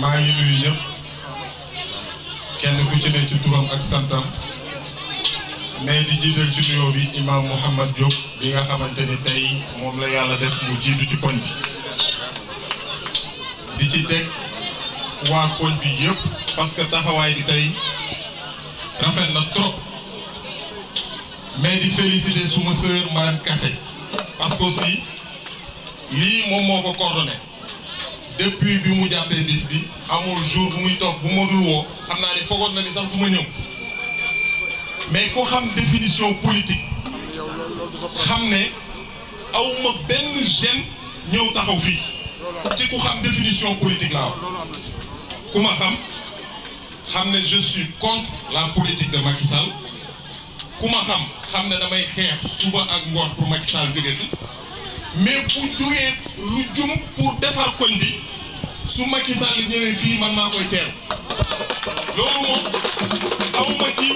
maa ngi nuyu kenn ku ci ne ci turam ak santam mais di jiital ci nuyoo bi imam Mouhamed Diop bi nga xamante ni tey moom la yàlla def mu jiitu ci koñ bi di ci teg waa koñ bi yëpp parce que taxawaay bi tey rafet na trop mais di féliciter suma sœur madame Kassé parce que aussi lii moom moo ko coordonné depuis bi mu jàppee bis bi amul jour bu muy toog bu ma dul woo xam naa ne foogoon na ni sax bu ma ñëw mais ku xam définition politique xam ne awma benn gêne ñëw taxaw fii ci ku xam définition politique laa wax ku ma xam xam ne je contre la politique de Macky ku ma xam xam ne damay xeex suba ak ngoon pour Macky Sall jóge fi mais bu jugee lu jum pour defar koñ bi su Macky Sall ñëwee fii man maa koy teel loolu moom aw ma ci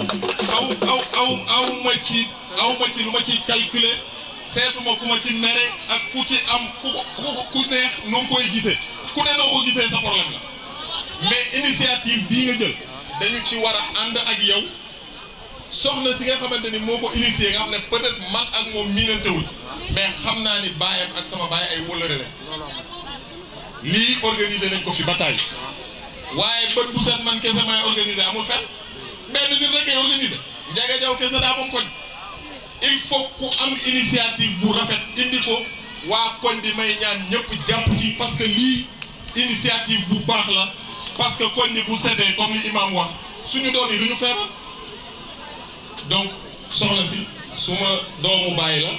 aw aw aw aw ma ci aw ma ci lu ma ci calculer seetuma ku ma ci mere ak ku ci am ku ku neex noo koy gisee ku ne noo ko gisee sa problème la mais initiative bii nga jël dañu ci war a ànd ak yow soxna si nga xamante ni moo ko initié nga xam ne peut-être man ak moom miinantewul mais xam naa ni baayam ak sama baay ay wëllëre la lii organiser nañ ko fi bataille waaye bët bu set man kese maay organiser amul fenn benn nit rek ay organiser Ndiaga Diaw kese daa moom koñ il faut ku am initiative bu rafet indi ko waa koñ bi may ñaan ñëpp jàpp ci parce que lii initiative bu baax la parce que koñ bi bu setee comme li imam wax suñu doom yi duñu feebar donc soxla si suma doomu bàyyi la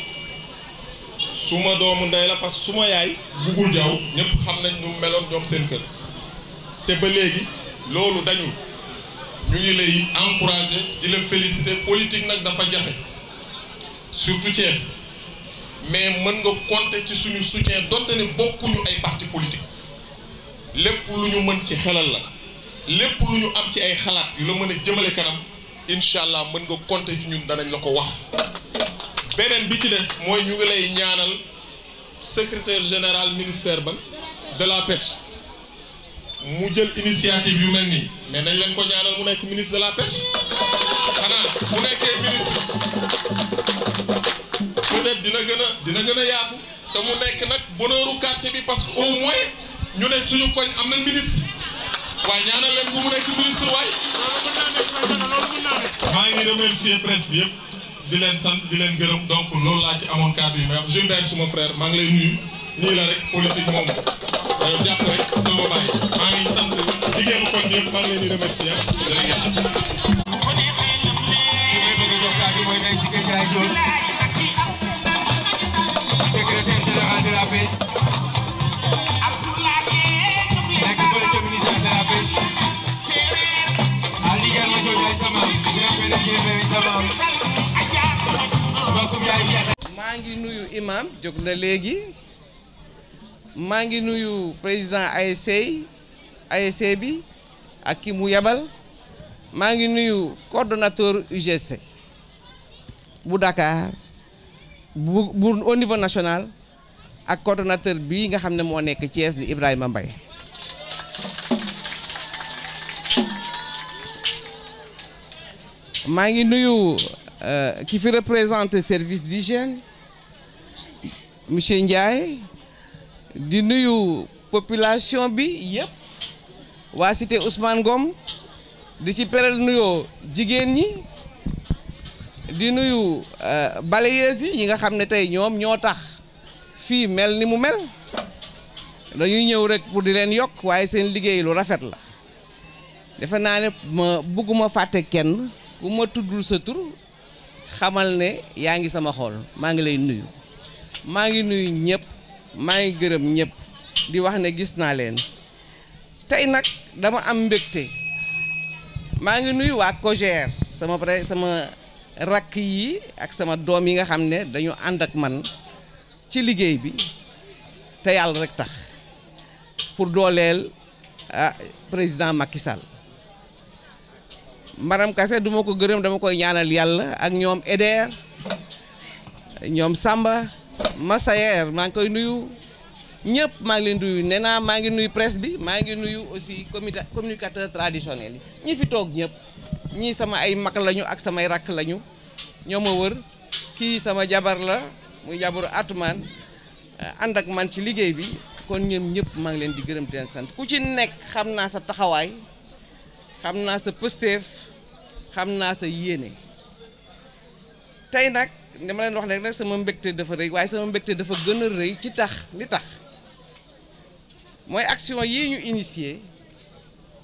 suma doomu ndey la parce que suma yaay buggul jaww ñëpp xam nañ ñu meloon ñoom seen kër te ba léegi loolu dañul ñu ngi lay encourager di la féliciter politique nag dafa jafe surtout Thiès mais mën nga konte ci suñu soutien donte ne bokkuñu ay parti politique lépp lu ñu mën ci xelal la lépp lu ñu am ci ay xalaat yu la mën a jëmale kanam incha allah mën nga compter ci ñun danañ la ko wax. beneen bi ci des mooy ñu ngi lay ñaanal secrétaire général ministère ba de la pêche mu jël initiative yu mel nii mais nañ leen ko ñaanal mu nekk ministre de la pêche xanaa mu nekkee ministre peut-être dina gën a dina gën a yaatu te mu nekk nag bonheuru quartier bi parce que au moins ñu ne suñu koñ am na ministre waaye ñaanal leen bu mu nekk ministre waay maa ngi remercier presse bi yëpp di leen sant di leen gërëm donc loolu laa ci amoon kàddu yi may wax Gilbert suma frère maa ngi lay nuyu nii la rek politique moom euh, jàpp rek doo bàyyi maa ngi sant jigéenu kon ñëpp maa ngi leen di remercier jërëjëf. secrétaire général de la pêche nekk bële ca ministère de la pêche. ah liggéeyal ma jooju ay sama. maa ngi nuyu imam jóg na léegi maa ngi nuyu président ASC ASC bi ak ki mu yebal maa ngi nuyu coordonnateur UGC bu Dakar bu bu au niveau national ak coordonnateur bi nga xam ne moo nekk Thiès di Ibrahima Mbaye maa ngi nuyu euh, qui fait représenter service d'hygiène monsieur Ndiaye di nuyu population bi yëpp waa cité Ousmane Ngom di ci peral nuyoo jigéen ñi di nuyu euh, balayeuses yi ñi nga xam ne tey ñoom ñoo tax fii mel ni mu mel dañuy ñëw rek pour di leen yokk waaye seen liggéey lu rafet la defe naa ne ma bëgguma fàtte kenn ku ma tuddul sa tur xamal ne yaa ngi sama xol maa ngi lay nuyu maa ngi nuyu ñëpp maa ngi gërëm ñëpp di wax ne gis naa leen tey nag dama am mbégte maa ngi nuyu waa COJER sama pre sama rakk yi ak sama doom yi nga xam ne dañu ànd ak man ci liggéey bi te yàlla rek tax pour dooleel ah, président makisal maram kase duma ko gërëm dama koy ñaanal yàlla ak ñoom Eder ñoom Samba Massayer maa ngi koy nuyu ñëpp maa ngi leen nuyu nee naa maa ngi nuyu presse bi maa ngi nuyu aussi comité communicateur traditionnel yi ñi fi toog ñëpp ñii sama ay mag lañu ak samay rakk lañu ñoo ma wër kii sama jabar la muy jabaru Atoumane ànd ak man ci liggéey bi kon ñoom ñëpp maa ngi leen di gërëm di sant ku ci nekk xam naa sa taxawaay. xam naa sa pësteef xam naa sa yéene tey nag dama leen wax rek nag sama mbégte dafa rëy waaye sama mbégte dafa gën a rëy ci tax li tax mooy action yi ñu initié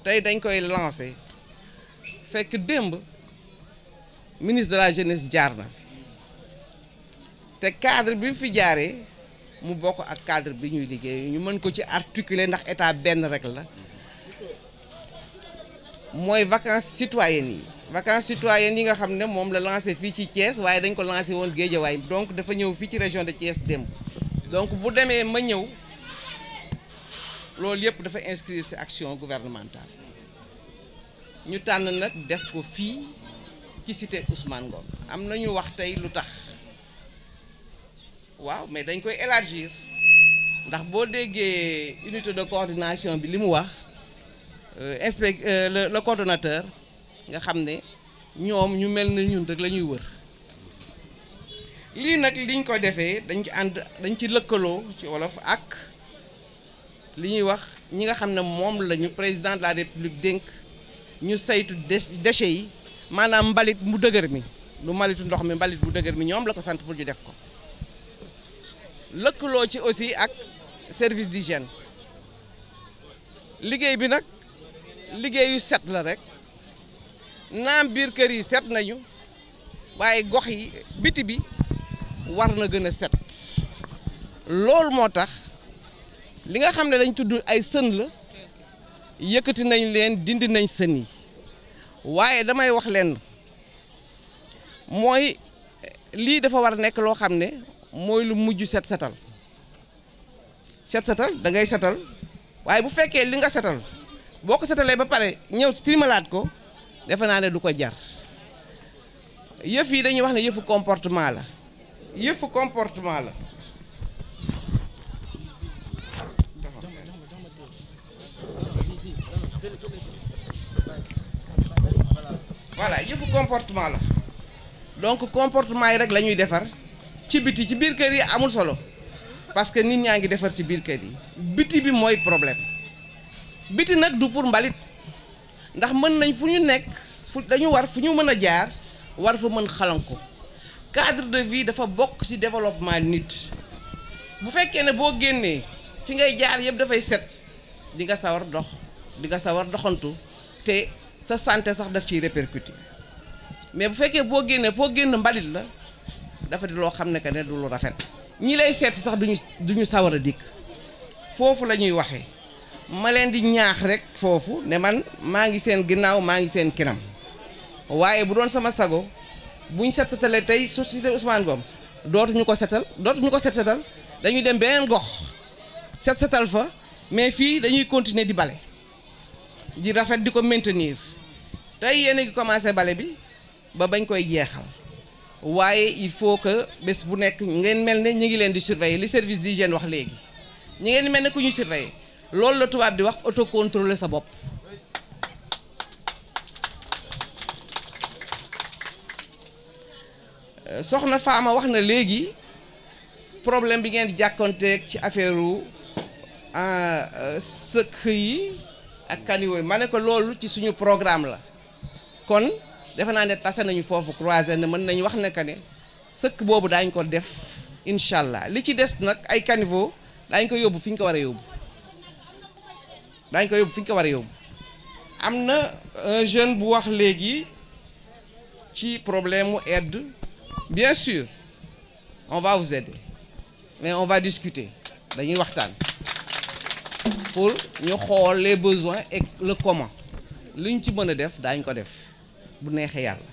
tey dañ koy lancé fekk démb ministre de la jeunesse jaar na fi te cadre bi mu fi jaaree mu bokk ak cadre bi ñuy liggéey ñu mën ko ci articuler ndax état benn rek la mooy vacances citoyennes yi vacances citoyennes yi nga xam ne moom la lancé fii ci Thiès waaye dañ ko lancé woon Guédiawaye donc dafa ñëw fii ci région de Thiès démb donc bu demee ma ñëw loolu yëpp dafa inscrire ci action gouvernementale ñu tànn nag def ko fii ci cité Ousmane Ngom am na ñu wax tey lu tax waaw mais dañ koy élargir ndax boo déggee unité de coordination bi li mu wax Euh, inspect euh, le le nga xam ne ñoom ñu mel na ñun rek la ñuy wër lii nag liñ ko defee dañ ci ànd dañ ci lëkkaloo ci wolof ak li ñuy wax ñi nga xam ne moom lañu président de la république dénk ñu saytu déchets yi maanaam mbalit mu dëgër mi lu mbalitu ndox mi mbalit bu dëgër mi ñoom la ko sant pour ñu def ko lëkkaloo ci aussi ak service di d'hygiène liggéey bi nag liggéeyu set la rek naam biir kër yi set nañu waaye gox yi biti bi war na gën a set loolu moo tax li nga xam ne dañ tudd ay sën la yëkkati nañ leen dindi nañ sën yi waaye damay wax leen mooy lii dafa war a nekk loo xam ne mooy lu mujj set setal set setal dangay setal waaye bu fekkee li nga setal boo ko setalee ba pare ñëw tilimalaat ko defe naa ne du ko jar yëf yi dañuy wax ne yëfu comportement la yëfu comportement la voilà yëfu comportement la donc comportement yi rek lañuy defar ci biti ci biir kër yi amul solo parce que nit ñaa ngi defar ci biir kër yi biti bi mooy problème biti nag du pour mbalit ndax mën nañ fu ñu nekk fu dañu war fu ñu mën a jaar war fa mën xalanku cadre de vie dafa bokk ci développement nit bu fekkee ne boo génnee fi ngay jaar yëpp dafay set di nga sawar dox di nga sawar doxantu te sa sante sax def ciy répercuté mais bu fekkee boo génnee foo génn mbalit la dafa di loo xam ne que ne du lu rafet ñi lay seet sax duñu duñu sawar a dikk foofu la ñuy waxee ma leen di ñaax rek foofu ne man maa ngi seen ginnaaw maa ngi seen kinam waaye bu doon sama sago buñ setatale tey société Ousmane Ngom dootuñu ko setal dootuñu ko set setal dañuy dem beneen gox set setal fa mais fii dañuy continuer di bale di rafet di ko maintenir tey yéen a ngi commencé bale bi ba bañ koy jeexal waaye il faut que bés bu nekk ngeen mel ne ñu ngi leen di surveiller li service di d'hygiène wax léegi ñu ngeen mel ne ku ñu surveiller loolu la tubaab di wax autocontrôler sa bopp soxna ma wax na léegi problème bi ngeen di jàkkonteeg ci affaire u euh, euh, sëkk yi ak kan yi ma ne ko loolu ci suñu programme la kon defe naa ne tase nañu foofu croisé ne mën nañu wax ne que ne sëkk boobu daañ ko def incha allah li ci des nag ay caniveau daañ ko yóbbu fi ñu ko war a yóbbu daañ ko yóbbu fi ñu ko war a yóbbu am na un euh, jeune bu wax léegi ci problème mu aide bien sur on va vous aider mais on va discuter dañuy waxtaan pour ñu xool les besoins et le comment li ñu ci mën a def daañ ko def bu neexee yàlla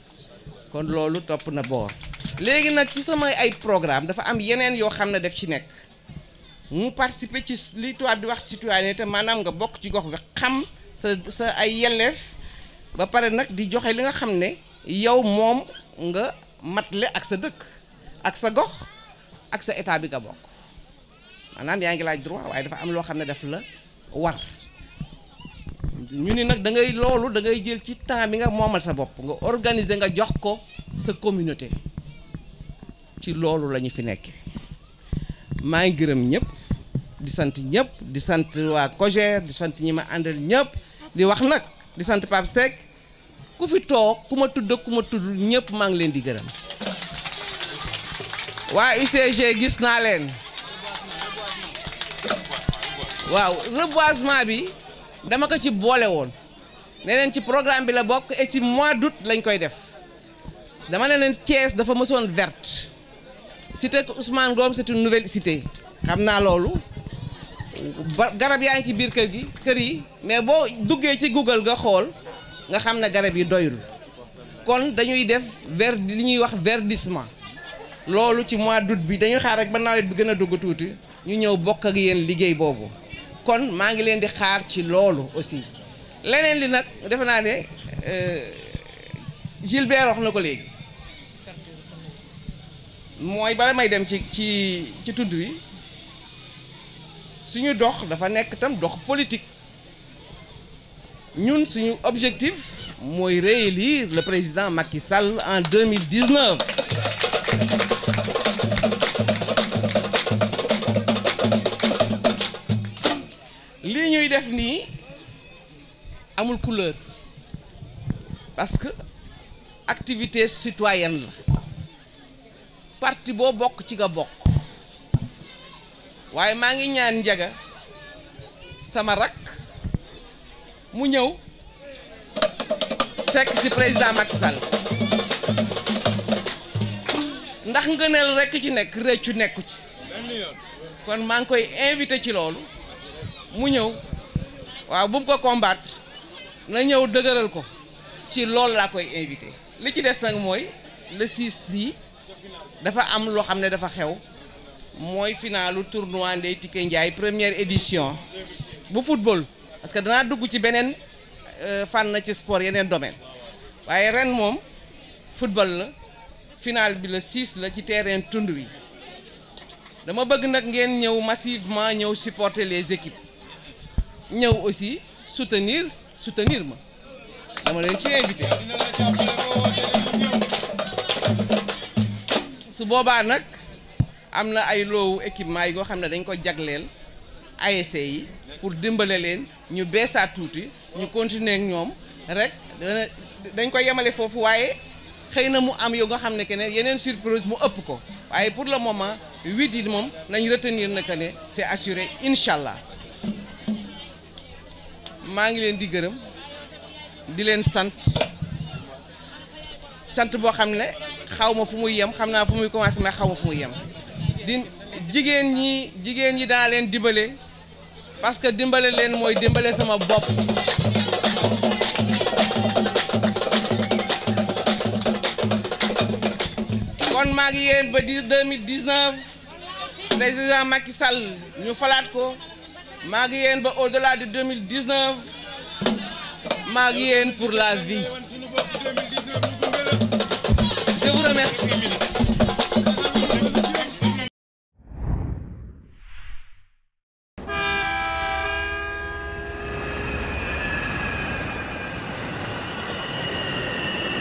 kon loolu topp na boor léegi nag ci samay ay programme dafa am yeneen yoo xam ne def ci nekk mu participer ci li tubaab di wax citoyenneté maanaam nga bokk ci gox bi xam sa sa ay yelleef ba pare nag di joxe li nga xam ne yow moom nga matle ak sa dëkk ak sa gox ak sa état bi nga bokk maanaam yaa ngi laaj droit waaye dafa am loo xam ne daf la war ñu ni nag da ngay loolu da ngay jël ci temps bi nga moomal sa bopp nga organiser nga jox ko sa communauté ci loolu la ñu fi nekkee maa ngi gërëm ñëpp di sant ñëpp di sant waa COJER di sant ñi ma àndal ñëpp di wax nag di sant Pape Seck ku fi toog ku ma tudd ku ma tudd ñëpp maa ngi leen di gërëm waa UCG gis naa leen waaw reboisement bi dama ko ci boole woon ne leen ci programme bi la bokk et mois d'août lañ koy def dama ne leen Thiès dafa mësoon verte cité Ousmane Ngom c'est setu nouvelle cité xam naa loolu ba garab yaa ngi ci biir kër gi kër yi mais boo duggee ci Google nga xool nga xam ne garab yi doyul kon dañuy def ver li ñuy wax verdissement loolu ci mois d'août bi dañuy xaar rek ba nawet bi gën a dugg tuuti ñu ñëw bokk ak yéen liggéey boobu kon maa ngi leen di xaar ci loolu aussi leneen li nag defe naa ne euh, Gilbert wax na ko léegi mooy bala may dem ci ci ci tudd wi suñu dox dafa nekk tam dox politique ñun suñu objectif mooy réélire le président Macky Sall en 2019 lii ñuy def nii amul couleur parce que activité citoyenne la parti boo bokk ci nga bokk waaye maa ngi ñaan njaga sama rak mu ñëw fekk ci président Macky Sall ndax ngëneel rekk ci nekk rëccu nekku ci kon maa ngi koy invité ci loolu mu ñëw waaw bu mu ko combattre na ñëw dëgëral ko ci loolu laa koy invité li ci des nag mooy le 6 bi dafa am loo xam ne dafa xew mooy finalu tournoi Ndeye Tické Ndiaye première édition bu football parce que danaa dugg ci beneen euh, fànn ci sport yeneen domaine waaye ren moom football la final bi la 6 la ci terrain tund wi dama bëgg nag ngeen ñëw massivement ñëw supporter les équipes ñëw aussi soutenir soutenir ma dama leen ci invité su boobaa nag am na ay loowu équipement yi nga xam ne dañ ko jagleel ASC yi pour dimbale leen ñu beesaat tuuti ñu continuer ak ñoom rek dañ ko yemale foofu waaye xëy na mu am yow nga xam ne que yeneen surprise mu ëpp ko waaye pour le moment huit yi moom nañ retenir na que ne c'est assuré incha allah maa ngi leen di gërëm di leen sant sant boo xam ne xaw ma fu muy yem xam naa fu muy commencé mais xaw ma fu muy yem di jigéen ñi jigéen ñi daa leen dimbale parce que dimbale leen mooy dimbale sama bopp kon maa ngi yéen ba di 2019 président Macky Sall ñu falaat ko maa ngi yéen ba de delà de 2019 maa ngi yéen pour la vie